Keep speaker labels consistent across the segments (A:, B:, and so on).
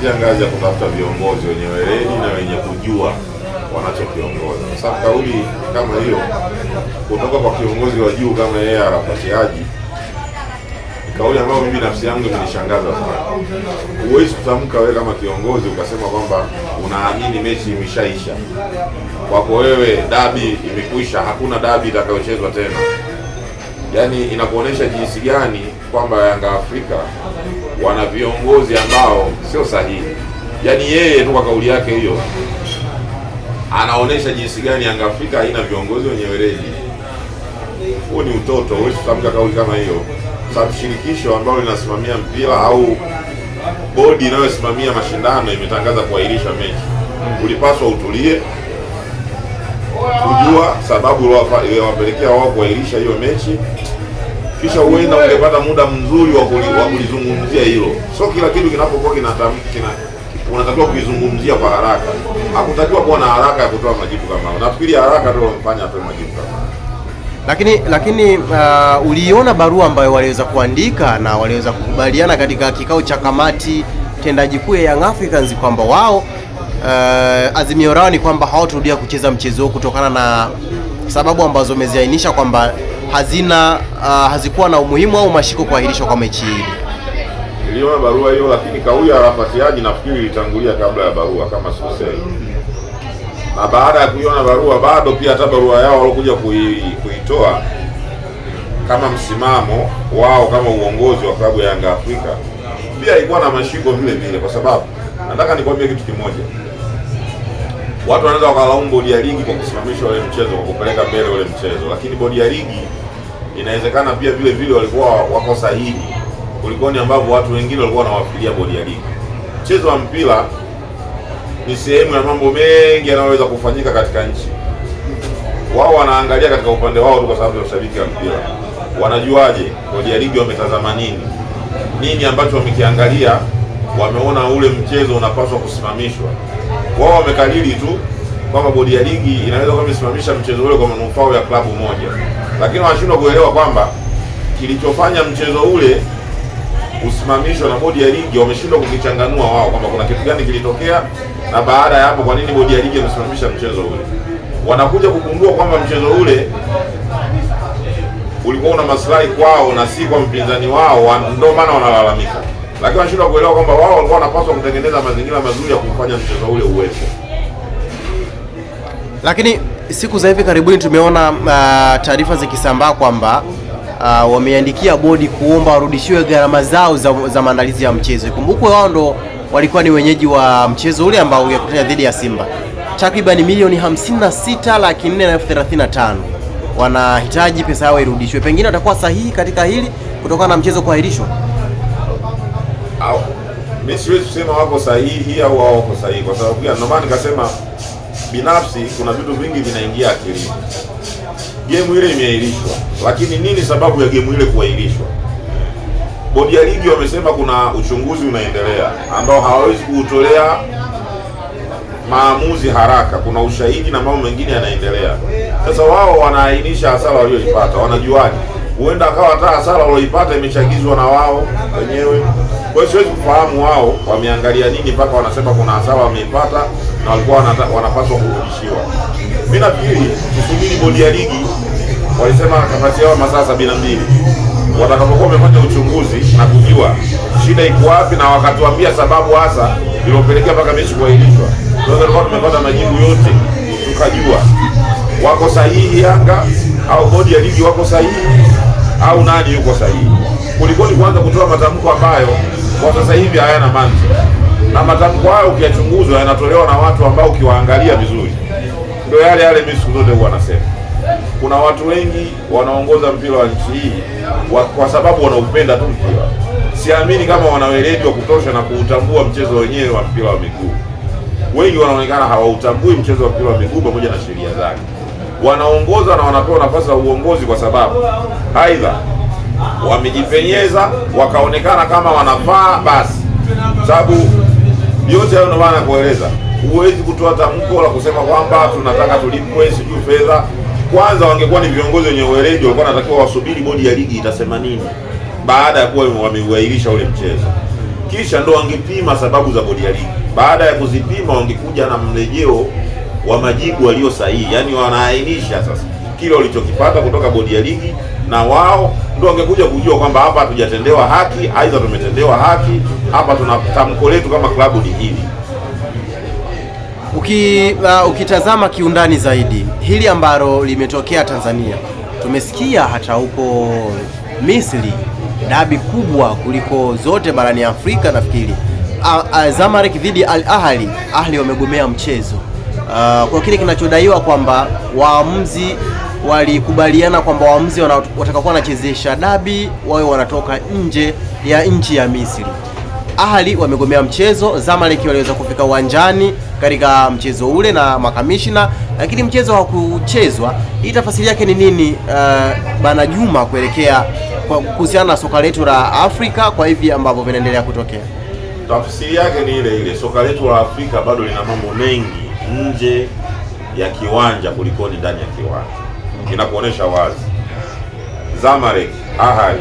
A: kuanzia ngazi ya kutafuta viongozi wenye weledi na wenye kujua wanachokiongoza. Sasa kauli kama hiyo kutoka kwa kiongozi wa juu kama yeye Arafat kauli ambayo mimi nafsi yangu imenishangaza sana. Huwezi kutamka wewe kama kiongozi ukasema kwamba unaamini mechi imeshaisha kwako wewe, dabi imekwisha, hakuna dabi itakayochezwa tena. Yaani inakuonyesha jinsi gani kwamba Yanga Afrika wana viongozi ambao sio sahihi. Yaani yeye tu kwa kauli yake hiyo anaonyesha jinsi gani Yanga Afrika haina viongozi wenye weledi. Huo ni utoto, huwezi kutamka kauli kama hiyo, sababu shirikisho ambalo linasimamia mpira au bodi inayosimamia mashindano imetangaza kuahirisha mechi. Ulipaswa utulie kujua sababu iliyowapelekea wao kuahirisha hiyo mechi kisha huenda ungepata muda mzuri wa kulizungumzia hilo. so kila kitu kinapokuwa kinatamka kina unatakiwa kuizungumzia kwa haraka. Hakutakiwa kuwa na haraka ya kutoa majibu kama hayo. Nafikiri haraka ndio mfanya atoe majibu kama hayo.
B: Lakini lakini uh, uliona barua ambayo waliweza kuandika na waliweza kukubaliana katika kikao cha kamati tendaji kuu ya Young Africans kwamba wao uh, azimio lao ni kwamba hawatarudia kucheza mchezo huo kutokana na sababu ambazo umeziainisha kwamba hazina uh, hazikuwa na umuhimu au mashiko kuahirishwa kwa mechi hii.
A: Niliona barua hiyo, lakini kauli ya rafatiaji nafikiri ilitangulia kabla ya barua kama sikosei, na baada ya kuiona barua bado pia hata barua yao waliokuja kuitoa kama msimamo wao kama uongozi wa klabu ya Yanga Afrika pia ilikuwa na mashiko vile vile, kwa sababu nataka nikwambie kitu kimoja watu wanaweza wakalaumu bodi ya ligi kwa kusimamisha ule mchezo kwa kupeleka mbele ule mchezo, lakini bodi ya ligi inawezekana pia vile vile walikuwa wako sahihi kuliko ni ambavyo watu wengine walikuwa wanawafikiria bodi ya ligi. Mchezo wa mpira ni sehemu ya mambo mengi yanayoweza kufanyika katika nchi. Wao wanaangalia katika upande wao tu, kwa sababu ya ushabiki wa mpira. Wanajuaje bodi ya ligi wametazama nini, nini ambacho wamekiangalia, wameona ule mchezo unapaswa kusimamishwa wao wamekalili tu kwamba bodi ya ligi inaweza kuwa imesimamisha mchezo ule kwa manufaa ya klabu moja, lakini wanashindwa kuelewa kwamba kilichofanya mchezo ule usimamishwa na bodi ya ligi wameshindwa kukichanganua wao kwamba kuna kitu gani kilitokea, na baada ya hapo, kwa nini bodi ya ligi imesimamisha mchezo ule. Wanakuja kugundua kwamba mchezo ule ulikuwa una maslahi kwao na si kwa mpinzani wao, ndio maana wanalalamika lakini wanashindwa kuelewa kwamba wao walikuwa wanapaswa kutengeneza mazingira mazuri ya kufanya mchezo ule uwepo.
B: Lakini siku za hivi karibuni tumeona uh, taarifa zikisambaa kwamba uh, wameandikia bodi kuomba warudishiwe gharama zao za, za maandalizi ya mchezo. Ikumbukwe wao ndo walikuwa ni wenyeji wa mchezo ule ambao ungekutana dhidi ya Simba. Takriban milioni 56 laki 4 na 35 wanahitaji pesa yao irudishwe. Pengine watakuwa sahihi katika hili kutokana na mchezo kuahirishwa
A: mimi siwezi kusema wako sahihi au wako sahihi, kwa sababu gani? Ndio maana nikasema binafsi, kuna vitu vingi vinaingia akilini. Gemu ile imeahirishwa, lakini nini sababu ya gemu ile kuahirishwa? Bodi ya ligi wamesema kuna uchunguzi unaendelea ambao hawawezi kuutolea maamuzi haraka, kuna ushahidi na mambo mengine yanaendelea. Sasa wao wanaainisha hasara walioipata, wanajuaje? huenda akawa hata hasara walioipata imechagizwa na wao wenyewe. Kwa hiyo siwezi kufahamu wao wameangalia nini mpaka wanasema kuna hasara wameipata na walikuwa wanapaswa kurudishiwa. Mimi nafikiri tusubiri bodi ya ligi, walisema nafasi yao masaa sabini na mbili watakapokuwa wamefanya uchunguzi na kujua shida iko wapi, na wakatuambia sababu hasa iliyopelekea mpaka mechi kuahirishwa, tumepata majibu yote tukajua wako sahihi Yanga au bodi ya ligi wako sahihi au nani yuko sahihi? Kulikoni kwanza kutoa matamko ambayo kwa sasa hivi hayana mantiki, na matamko hayo ukiyachunguza yanatolewa na watu ambao ukiwaangalia vizuri ndio yale yale. Mimi siku zote huwa nasema kuna watu wengi wanaongoza mpira wa nchi hii kwa sababu wanaupenda tu mpira. Siamini kama wanaweledi wa kutosha na kuutambua mchezo wenyewe wa mpira wa miguu. Wengi wanaonekana hawautambui mchezo wa mpira wa miguu pamoja na sheria zake wanaongoza na wanapewa nafasi za uongozi kwa sababu aidha wamejipenyeza wakaonekana kama wanafaa, basi sababu yote hayo ndio maana huwezi kutoa tamko la kusema kwamba tunataka tulipwe sijui fedha. Kwanza wangekuwa ni viongozi wenye ueledi, walikuwa wanatakiwa wasubiri bodi ya ligi itasema nini baada ya kuwa wameuahirisha ule mchezo, kisha ndo wangepima sababu za bodi ya ligi. Baada ya kuzipima, wangekuja na mrejeo wa majibu walio sahihi, yaani wanaainisha sasa kile walichokipata kutoka bodi ya ligi, na wao ndio wangekuja kujua kwamba hapa hatujatendewa haki, aidha tumetendewa haki, hapa tuna tamko letu kama klabu ni hili.
B: Uki, uh, ukitazama kiundani zaidi hili ambalo limetokea Tanzania, tumesikia hata huko Misri dabi kubwa kuliko zote barani Afrika nafikiri, Zamalek dhidi Al Ahli. Ahli wamegomea mchezo uh, kile kinachodaiwa kwamba waamuzi walikubaliana kwamba waamuzi watakaokuwa wanachezesha dabi wawe wanatoka nje ya nchi ya Misri. ahali wamegomea mchezo, Zamalek waliweza kufika uwanjani katika mchezo ule na makamishina, lakini mchezo hakuchezwa. Hii tafasiri yake ni nini, uh, bana Juma, kuelekea kuhusiana na soka letu la Afrika kwa hivi ambavyo vinaendelea kutokea?
A: Tafsiri yake ni ile ile, soka letu la Afrika bado lina mambo mengi nje ya kiwanja kulikoni ndani ya kiwanja. Inakuonesha wazi Zamalek Ahly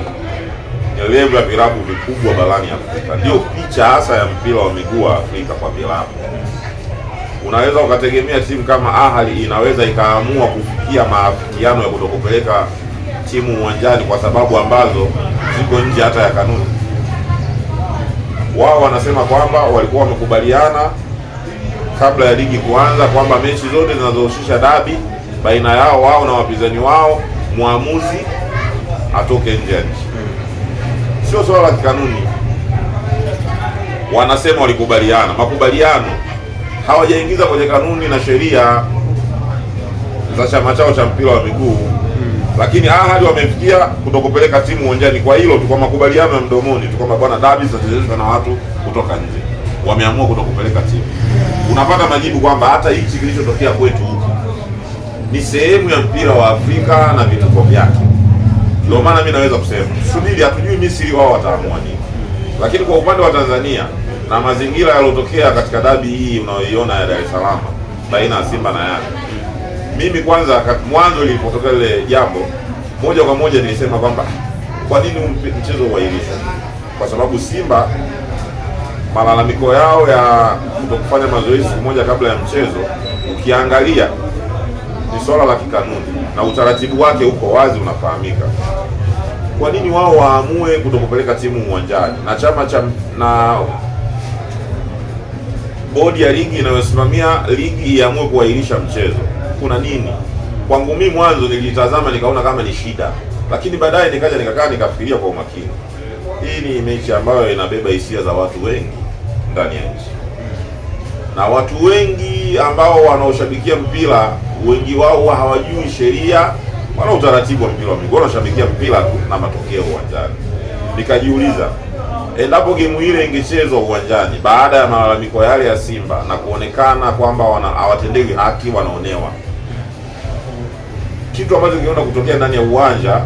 A: ni levu ya vilabu vikubwa barani Afrika, ndio picha hasa ya mpira wa miguu wa Afrika kwa vilabu. Unaweza ukategemea timu kama Ahali inaweza ikaamua kufikia maafikiano ya kutokupeleka timu uwanjani kwa sababu ambazo ziko nje hata ya kanuni. Wao wanasema kwamba walikuwa wamekubaliana kabla ya ligi kuanza kwamba mechi zote zinazohusisha dabi baina yao wao na wapinzani wao, mwamuzi atoke nje ya nchi. Sio swala la kikanuni, wanasema walikubaliana. Makubaliano hawajaingiza kwenye kanuni na sheria za chama chao cha mpira wa miguu lakini ahadi wamefikia kutokupeleka timu uwanjani. Kwa hilo tu, kwa makubaliano ya mdomoni tu, kwamba bwana, dabi zitachezeshwa na watu kutoka nje wameamua kutokupeleka timu, unapata majibu kwamba hata hichi kilichotokea kwetu huku ni sehemu ya mpira wa Afrika na vituko vyake. Ndio maana mi naweza kusema subiri, hatujui Misri wao wataamua nini, lakini kwa upande wa Tanzania na mazingira yaliyotokea katika dabi hii unayoiona ya Dar es Salaam baina ya Simba na Yanga, mimi kwanza, mwanzo lilipotokea lile jambo, moja kwa moja nilisema kwamba ah, kwa nini mchezo uahirishwe, kwa sababu Simba malalamiko yao ya kutokufanya mazoezi siku moja kabla ya mchezo, ukiangalia ni swala la kikanuni na utaratibu wake uko wazi, unafahamika. Kwa nini wao waamue kutokupeleka timu uwanjani? Na chama cha na bodi ya ligi inayosimamia ligi iamue kuahirisha mchezo, kuna nini? Kwangu mimi mwanzo nilitazama nikaona kama ni shida, lakini baadaye nikaja nikakaa nikafikiria kwa umakini. Hii ni mechi ambayo inabeba hisia za watu wengi ndani ya nchi, na watu wengi ambao wanaoshabikia mpira wengi wao hawajui sheria wala utaratibu wa mpira wa miguu, wanashabikia mpira tu na matokeo uwanjani. Nikajiuliza, endapo gemu ile ingechezwa uwanjani baada ya malalamiko yale ya Simba na kuonekana kwamba hawatendewi haki, wanaonewa, kitu ambacho kingeenda kutokea ndani ya uwanja,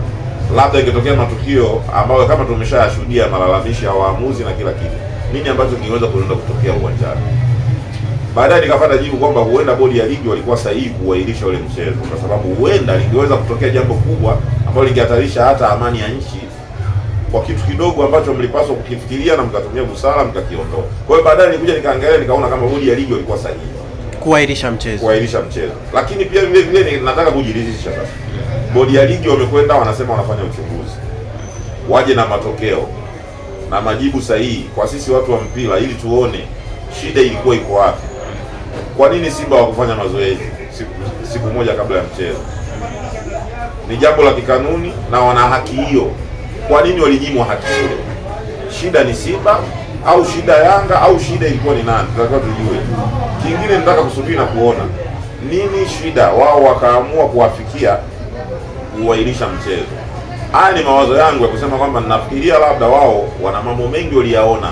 A: labda ingetokea matukio ambayo kama tumeshayashuhudia, malalamishi ya waamuzi na kila kitu nini ambacho kingeweza kuenda kutokea uwanjani. Baadaye nikapata jibu kwamba huenda bodi ya ligi walikuwa sahihi kuahirisha ule mchezo, kwa sababu huenda lingeweza kutokea jambo kubwa ambalo lingehatarisha hata amani ya nchi kwa kitu kidogo ambacho mlipaswa kukifikiria na mkatumia busara mkakiondoa. Kwa hiyo baadaye nilikuja nikaangalia nikaona kama bodi ya ligi walikuwa sahihi
B: kuahirisha mchezo,
A: kuahirisha mchezo. Lakini pia vile vile nataka kujiridhisha sasa, bodi ya ligi wamekwenda wanasema wanafanya uchunguzi, waje na matokeo na majibu sahihi kwa sisi watu wa mpira, ili tuone shida ilikuwa iko wapi. Kwa nini Simba hawakufanya mazoezi siku, siku moja kabla ya mchezo? Ni jambo la kikanuni na wana haki hiyo. Kwa nini walinyimwa haki hiyo? Shida ni Simba au shida Yanga au shida ilikuwa ni nani? Tunataka tujue. Kingine nataka kusubiri na kuona nini shida wao wakaamua kuwafikia kuwailisha mchezo. Haya ni mawazo yangu ya kusema kwamba nafikiria labda wao wana mambo mengi waliyaona,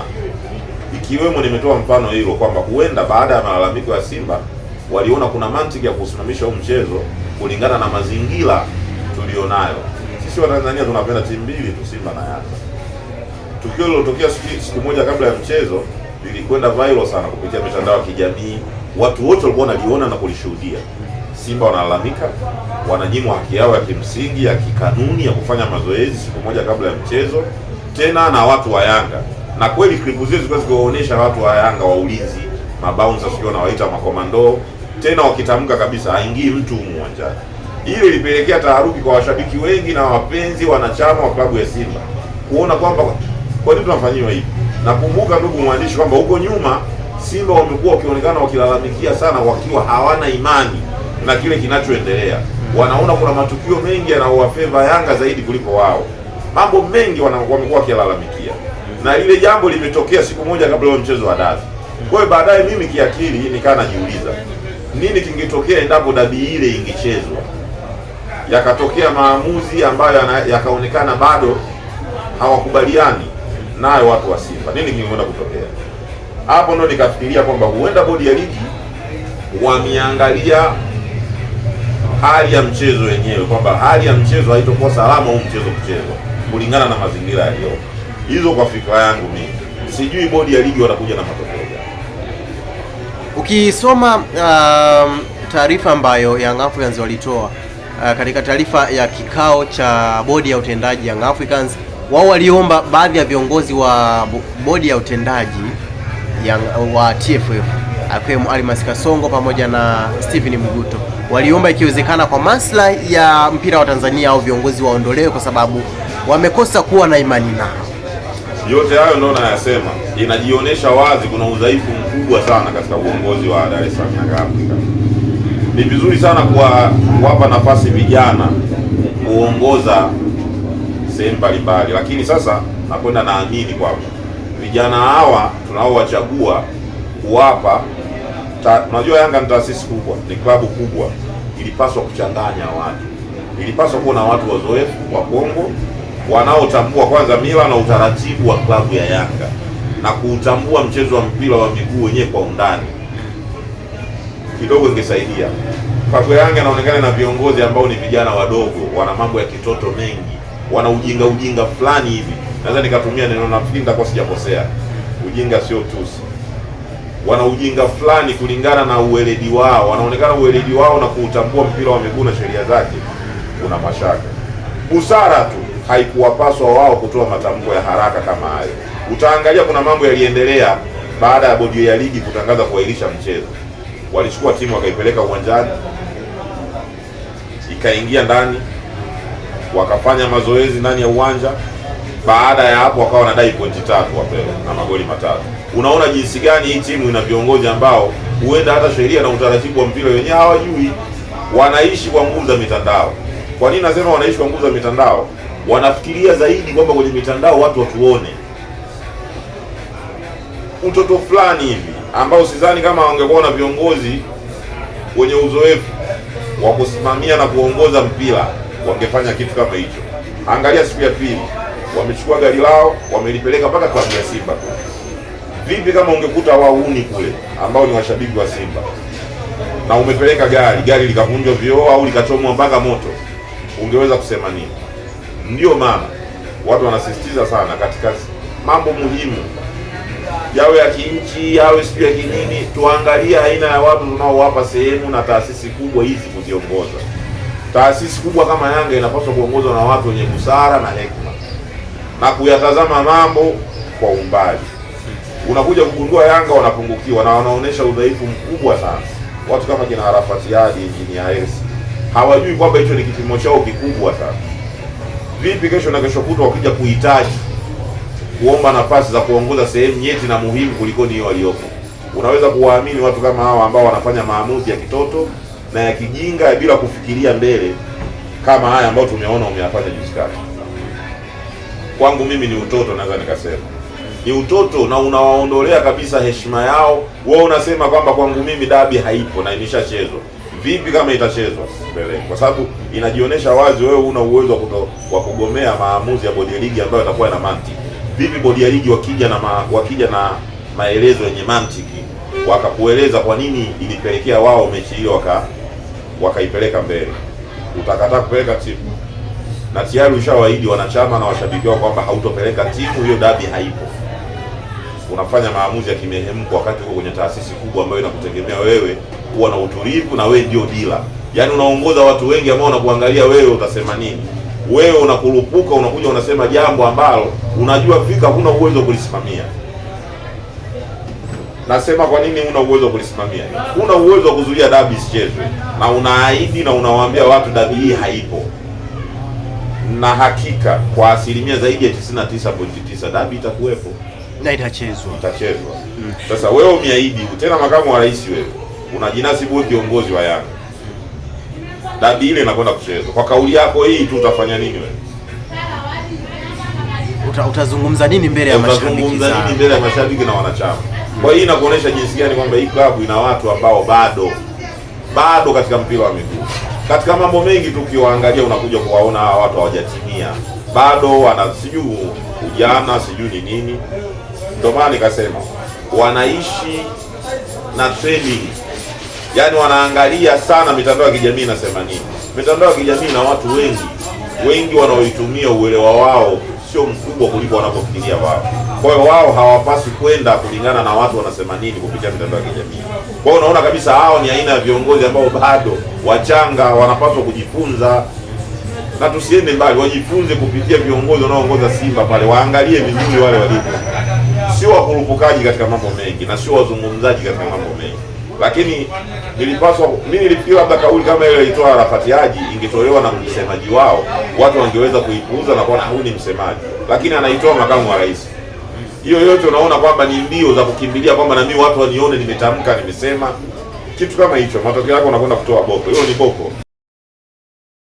A: ikiwemo nimetoa mfano hilo kwamba huenda baada ya malalamiko ya Simba waliona kuna mantiki ya kusimamisha huu mchezo kulingana na mazingira tulionayo sisi. Watanzania tunapenda timu mbili tu, Simba na Yanga. Tukio lilotokea siku moja kabla ya mchezo lilikwenda viral sana kupitia mitandao ya kijamii, watu wote walikuwa wanaliona na kulishuhudia. Simba wanalalamika, wananyimwa haki yao ya kimsingi ya kikanuni ya kufanya mazoezi siku moja kabla ya mchezo, tena na watu wa Yanga. Na kweli klipu zile zilikuwa zikiwaonyesha watu wa Yanga wa ulinzi, mabouncer sio nawaita makomando, tena wakitamka kabisa haingii mtu uwanjani. Ile ilipelekea taharuki kwa washabiki wengi na wapenzi wanachama wa klabu ya Simba kuona kwamba kwa nini tunafanyiwa hivi. Nakumbuka ndugu mwandishi, kwamba huko nyuma Simba wamekuwa wakionekana wakilalamikia sana wakiwa hawana imani na kile kinachoendelea. Wanaona kuna matukio mengi yanayowafeva Yanga zaidi kuliko wao, mambo mengi wamekuwa wakilalamikia, na lile jambo limetokea siku moja kabla ya mchezo wa dabi. Kwa hiyo baadaye mimi kiakili nikaa najiuliza nini kingetokea endapo dabi ile ingechezwa, yakatokea maamuzi ambayo yakaonekana bado hawakubaliani nayo watu wa Simba, nini kingekwenda kutokea? Hapo ndo nikafikiria kwamba huenda bodi ya ligi wameangalia hali ya mchezo wenyewe, kwamba hali ya mchezo haitokuwa salama huu mchezo kuchezwa kulingana na mazingira yaliyo hizo. Kwa fikra yangu mimi, sijui bodi ya ligi watakuja na matokeo gani.
B: Ukisoma uh, taarifa ambayo Young Africans walitoa uh, katika taarifa ya kikao cha bodi ya utendaji Young Africans, wao waliomba baadhi ya viongozi wa bodi ya utendaji ya, wa TFF akiwemo Almas Kasongo pamoja na Steven Mguto waliomba ikiwezekana kwa maslahi ya mpira wa Tanzania au viongozi waondolewe kwa sababu wamekosa kuwa na imani nao.
A: Yote hayo ndio nayasema, inajionyesha wazi kuna udhaifu mkubwa sana katika uongozi wa Dar es Salaam na Afrika. Ni vizuri sana kuwapa nafasi vijana kuongoza sehemu mbalimbali, lakini sasa nakwenda naamini kwamba vijana hawa tunaowachagua kuwapa Unajua Yanga ni taasisi kubwa, ni klabu kubwa, ilipaswa kuchanganya watu, ilipaswa kuwa na watu wazoefu wa Kongo wanaotambua kwanza mila na utaratibu wa klabu ya Yanga na kuutambua mchezo wa mpira wa miguu wenyewe kwa undani kidogo, ingesaidia klabu ya Yanga. Inaonekana na viongozi ambao ni vijana wadogo, wana mambo ya kitoto mengi, wana ujinga ujinga fulani hivi, naweza nikatumia neno, nafikiri nitakuwa sijakosea. Ujinga sio tusi wana ujinga fulani kulingana na uweledi wao, wanaonekana uweledi wao na kuutambua mpira wa miguu na sheria zake kuna mashaka. Busara tu haikuwapaswa wao kutoa matamko ya haraka kama hayo. Utaangalia kuna mambo yaliendelea baada ya bodi ya ligi kutangaza kuahirisha mchezo, walichukua timu wakaipeleka uwanjani, ikaingia ndani, wakafanya mazoezi ndani ya uwanja. Baada ya hapo, wakawa wanadai pointi tatu wapewe na magoli matatu unaona jinsi gani hii timu ina viongozi ambao huenda hata sheria na utaratibu wa mpira wenyewe hawajui, wanaishi kwa nguvu za mitandao. Kwa nini nasema wanaishi kwa nguvu za mitandao? Wanafikiria zaidi kwamba kwenye mitandao watu watuone utoto fulani hivi ambao sidhani kama wangekuwa na viongozi wenye uzoefu wa kusimamia na kuongoza mpira wangefanya kitu kama hicho. Angalia siku ya pili, wamechukua gari lao wamelipeleka mpaka klabu ya Simba. Vipi kama ungekuta wauni kule ambao ni washabiki wa Simba na umepeleka gari gari likavunjwa vioo au likachomwa mpaka moto, ungeweza kusema nini? Ndiyo maana watu wanasisitiza sana katika mambo muhimu, yawe ya kinchi, yawe sijui ya kinini, tuangalie aina ya watu tunaowapa sehemu na taasisi kubwa hizi kuziongoza. Taasisi kubwa kama Yanga inapaswa kuongozwa na watu wenye busara na hekima na kuyatazama mambo kwa umbali unakuja kugundua Yanga wanapungukiwa na wanaonyesha udhaifu mkubwa sana. Watu kama kina Arafat Ally, Injinia Hersi hawajui kwamba hicho ni kipimo chao kikubwa sana. Vipi kesho na kesho kutwa wakija kuhitaji kuomba nafasi za kuongoza sehemu nyeti na muhimu kuliko hiyo waliopo, unaweza kuwaamini watu kama hawa ambao wanafanya maamuzi ya kitoto na ya kijinga bila kufikiria mbele, kama haya ambayo tumeona umeyafanya juzi kati. Kwangu mimi ni utoto, naweza nikasema ni utoto na unawaondolea kabisa heshima yao. Wewe unasema kwamba kwangu mimi dabi haipo na imeshachezwa. Vipi kama itachezwa mbele? Kwa sababu inajionyesha wazi wewe una uwezo wa kugomea maamuzi ya bodi ya ligi ambayo yatakuwa na mantiki. Vipi bodi ya ligi wakija na ma, wakija na maelezo yenye mantiki wakakueleza kwa nini ilipelekea wao mechi hiyo waka wakaipeleka mbele, utakataa kupeleka timu na tayari ushawaahidi wanachama na washabiki wao kwamba hautopeleka timu, hiyo dabi haipo unafanya maamuzi ya kimehemko wakati uko kwenye taasisi kubwa ambayo inakutegemea wewe, kuwa na utulivu na wewe ndio dila, yaani unaongoza watu wengi ambao wanakuangalia wewe utasema nini. Wewe unakurupuka unakuja unasema jambo ambalo unajua fika huna uwezo kulisimamia. Nasema kwa nini huna uwezo wa kulisimamia? Huna uwezo wa kuzuia dabi isichezwe, na unaahidi na unawaambia watu dabi hii haipo, na hakika kwa asilimia zaidi ya 99.9 dabi itakuwepo
B: na itachezwa,
A: itachezwa. Sasa mm. wewe umeahidi tena, makamu wa rais, wewe unajinasibu wewe kiongozi wa Yanga, dabi ile inakwenda kuchezwa. Kwa kauli yako hii tu utafanya nini wewe?
B: Uta, utazungumza nini mbele ya mashabiki,
A: mbele ya mashabiki na wanachama mm. kwa hiyo inakuonesha jinsi gani kwamba hii klabu ina watu ambao bado bado katika mpira wa miguu, katika mambo mengi tu ukiwaangalia unakuja kuwaona hawa watu hawajatimia bado, wana sijui ujana sijui ni nini ndio maana nikasema wanaishi na trendi, yaani wanaangalia sana mitandao ya kijamii na nini. Mitandao ya kijamii na watu wengi wengi wanaoitumia uelewa wao sio mkubwa kuliko wanapofikiria wao. Kwa hiyo wao hawapasi kwenda kulingana na watu wanasema nini kupitia mitandao ya kijamii. Kwa hiyo unaona kabisa hao ni aina ya viongozi ambao bado wachanga, wanapaswa kujifunza na tusiende mbali, wajifunze kupitia viongozi wanaoongoza Simba pale, waangalie vizuri wale walivyo sio wakurupukaji katika mambo mengi na sio wazungumzaji katika mambo mengi, lakini nilipaswa mimi, nilifikiri labda kauli kama ile ilitoa Arafat Haji ingetolewa na msemaji wao, watu wangeweza kuipuuza na kuona huyu ni msemaji, lakini anaitoa makamu wa rais. Hiyo yote unaona kwamba ni mbio za kukimbilia kwamba na mimi watu wanione nimetamka, nimesema kitu kama hicho, matokeo yako unakwenda kutoa boko. Hiyo ni boko.